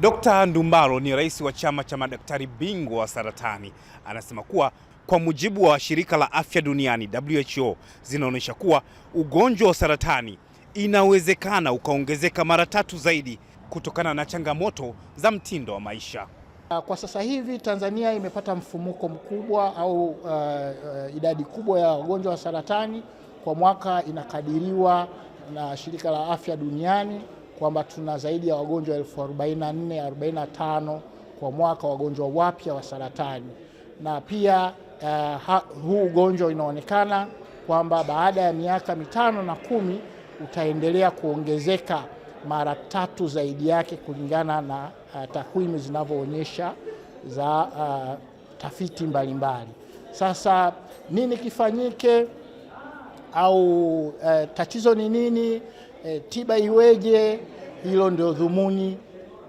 Dkt. Ndumbaro ni rais wa chama cha madaktari bingwa wa saratani. Anasema kuwa kwa mujibu wa shirika la afya duniani WHO, zinaonyesha kuwa ugonjwa wa saratani inawezekana ukaongezeka mara tatu zaidi kutokana na changamoto za mtindo wa maisha. Ah, kwa sasa hivi Tanzania imepata mfumuko mkubwa au uh, uh, idadi kubwa ya wagonjwa wa saratani kwa mwaka inakadiriwa na shirika la afya duniani kwamba tuna zaidi ya wagonjwa elfu 44 45 kwa mwaka wagonjwa wapya wa saratani, na pia uh, huu ugonjwa inaonekana kwamba baada ya miaka mitano na kumi utaendelea kuongezeka mara tatu zaidi yake kulingana na uh, takwimu zinavyoonyesha za uh, tafiti mbalimbali mbali. Sasa nini kifanyike au uh, tatizo ni nini? e, tiba iweje? Hilo ndio dhumuni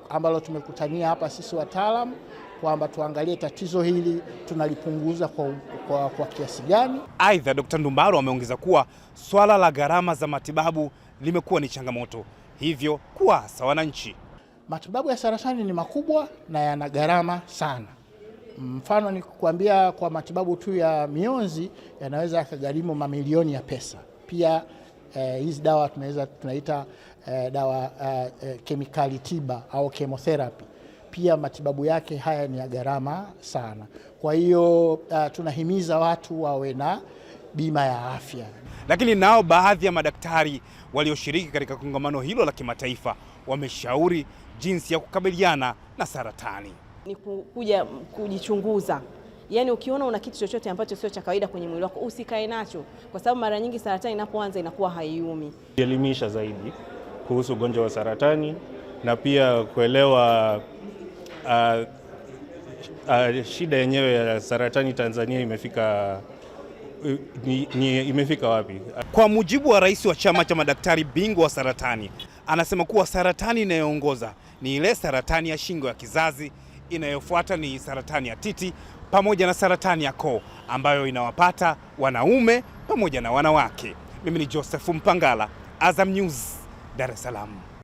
ambalo tumekutania hapa sisi wataalamu kwamba tuangalie tatizo hili tunalipunguza kwa, kwa, kwa kiasi gani. Aidha, Dr. Ndumbaro ameongeza kuwa swala la gharama za matibabu limekuwa ni changamoto, hivyo kuwaasa wananchi. Matibabu ya saratani ni makubwa na yana gharama sana. Mfano ni kukuambia kwa matibabu tu ya mionzi yanaweza yakagharimu mamilioni ya pesa. Pia Eh, hizi dawa tunaweza tunaita eh, dawa eh, eh, kemikali tiba au chemotherapy pia matibabu yake haya ni ya gharama sana. Kwa hiyo uh, tunahimiza watu wawe na bima ya afya. Lakini nao baadhi ya madaktari walioshiriki katika kongamano hilo la kimataifa wameshauri jinsi ya kukabiliana na saratani ni kuja kujichunguza. Yaani ukiona una kitu chochote ambacho sio cha kawaida kwenye mwili wako usikae nacho, kwa sababu mara nyingi saratani inapoanza inakuwa haiumi. Elimisha zaidi kuhusu ugonjwa wa saratani na pia kuelewa uh, uh, shida yenyewe ya saratani Tanzania imefika ni, ni, imefika wapi? Kwa mujibu wa rais wa chama cha madaktari bingwa wa saratani, anasema kuwa saratani inayoongoza ni ile saratani ya shingo ya kizazi, inayofuata ni saratani ya titi, pamoja na saratani ya koo ambayo inawapata wanaume pamoja na wanawake. Mimi ni Joseph Mpangala, Azam News, Dar es Salaam.